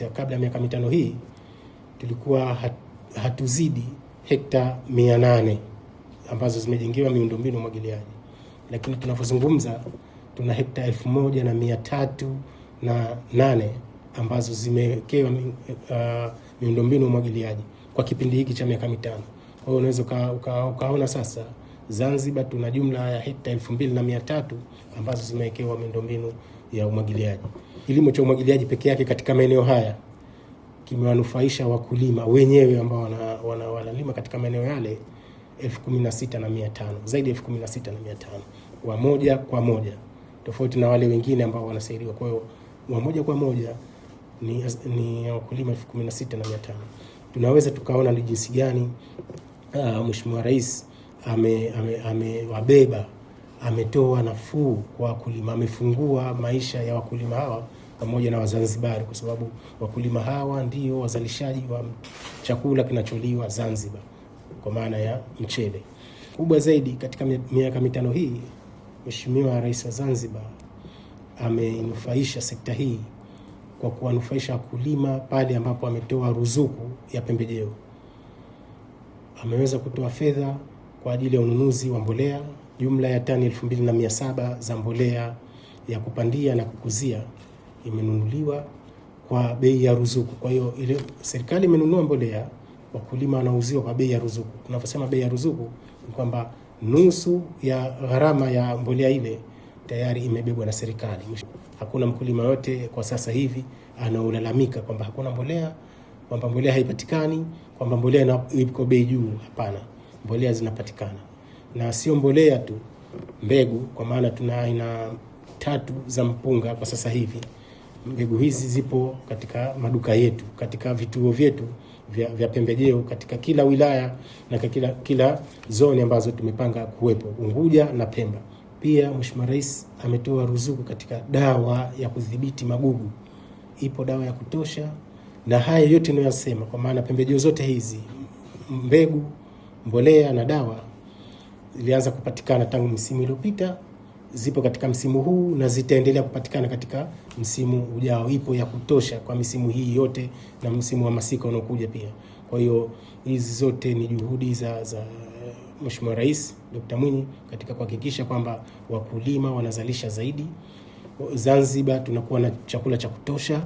iliyopita, kabla ya miaka mitano hii, tulikuwa hatuzidi hekta mia nane ambazo zimejengewa miundombinu ya umwagiliaji, lakini tunavyozungumza tuna hekta elfu moja na mia tatu na nane ambazo zimewekewa uh, miundombinu ya umwagiliaji kwa kipindi hiki cha miaka mitano. Kwa hiyo unaweza ukaona sasa Zanzibar tuna jumla ya hekta elfu mbili na mia tatu ambazo zimewekewa miundombinu ya umwagiliaji. Kilimo cha umwagiliaji peke yake katika maeneo haya kimewanufaisha wakulima wenyewe ambao wanalima wana, wana katika maeneo yale elfu kumi na sita na mia tano zaidi ya elfu kumi na sita na mia tano wa moja kwa moja, tofauti na wale wengine ambao wanasaidiwa. Kwa hiyo wa moja kwa moja ni, ni wakulima elfu kumi na sita na mia tano. Tunaweza tukaona ni jinsi gani uh, Mheshimiwa Rais amewabeba ame, ametoa nafuu kwa wakulima, amefungua maisha ya wakulima hawa pamoja na Wazanzibari, kwa sababu wakulima hawa ndio wazalishaji wa chakula kinacholiwa Zanzibar, kwa maana ya mchele. Kubwa zaidi katika miaka mitano hii, Mheshimiwa Rais wa Zanzibar ameinufaisha sekta hii kwa kuwanufaisha wakulima pale ambapo ametoa ruzuku ya pembejeo, ameweza kutoa fedha kwa ajili ya ununuzi wa mbolea jumla ya tani 2700 za mbolea ya kupandia na kukuzia imenunuliwa kwa bei ya ruzuku. Kwa hiyo ile serikali imenunua mbolea, wakulima wanauziwa kwa bei ya ruzuku. Tunaposema bei ya ruzuku ni kwamba nusu ya gharama ya mbolea ile tayari imebebwa na serikali. Hakuna mkulima yote kwa sasa hivi anaolalamika kwamba hakuna mbolea, kwamba mbolea haipatikani, kwamba mbolea iko bei juu. Hapana mbolea zinapatikana, na sio mbolea tu, mbegu, kwa maana tuna aina tatu za mpunga kwa sasa hivi. Mbegu hizi zipo katika maduka yetu, katika vituo vyetu vya, vya pembejeo katika kila wilaya na kila, kila zoni ambazo tumepanga kuwepo Unguja na Pemba. Pia Mheshimiwa Rais ametoa ruzuku katika dawa ya kudhibiti magugu, ipo dawa ya kutosha, na haya yote ninayoyasema, kwa maana pembejeo zote hizi, mbegu mbolea na dawa zilianza kupatikana tangu msimu uliopita, zipo katika msimu huu na zitaendelea kupatikana katika msimu ujao. Ipo ya kutosha kwa misimu hii yote na msimu wa masika unaokuja pia. Kwa hiyo hizi zote ni juhudi za, za eh, Mheshimiwa Rais Dr. Mwinyi katika kuhakikisha kwamba wakulima wanazalisha zaidi. Zanzibar tunakuwa na chakula cha kutosha.